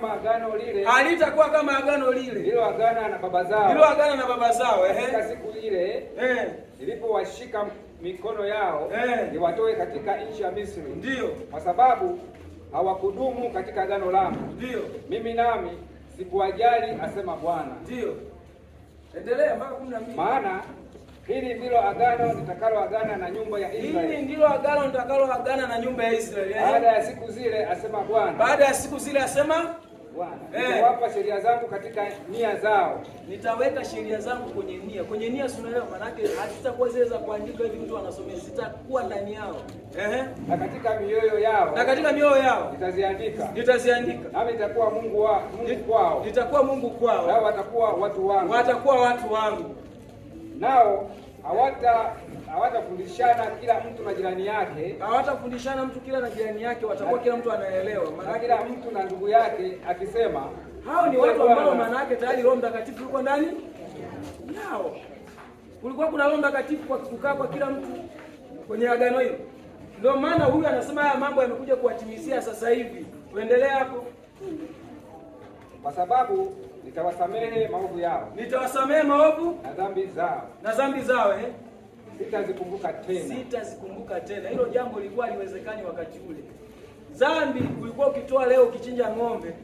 kama agano lile, halitakuwa kama agano lile hilo lililoagana na baba zao, hilo lililoagana na baba zao eh, katika siku ile eh, nilipowashika mikono yao eh, niwatoe katika nchi ya Misri, ndio kwa sababu hawakudumu katika agano langu, ndio mimi nami sikuwajali, asema Bwana. Ndio, endelea mpaka 12 maana Hili ndilo agano nitakalo agana na nyumba ya Israeli. Hili ndilo agano nitakalo agana na nyumba ya Israeli. Baada ya siku zile asema Bwana. Baada ya siku zile asema nitawapa sheria zangu katika nia zao, nitaweka sheria zangu kwenye nia. Kwenye nia si unaelewa, maanake hazitakuwa zile za kuandika hivi mtu anasomea, zitakuwa ndani yao. Ehe, na katika mioyo yao, na katika mioyo yao nitaziandika, nitaziandika. Nami nitakuwa Mungu wa Mungu kwao, nitakuwa Mungu kwao, nao watakuwa watu wangu, watakuwa watu wangu nao hawata hawatafundishana kila mtu na jirani yake, hawatafundishana mtu kila na jirani yake, watakuwa kila mtu anaelewa, maana kila mtu na ndugu yake akisema. Hao ni watu ambao maana yake tayari Roho Mtakatifu yuko ndani yao. Kulikuwa kuna Roho Mtakatifu kwa kukaa kwa kila mtu kwenye agano hilo. Ndio maana huyu anasema haya mambo yamekuja kuwatimizia sasa hivi. Tuendelee hapo kwa sababu nitawasamehe maovu yao, nitawasamehe maovu na dhambi zao, na dhambi zao eh? Sitazikumbuka tena, sitazikumbuka tena. Hilo jambo lilikuwa liwezekani wakati ule. Dhambi ulikuwa ukitoa leo ukichinja ng'ombe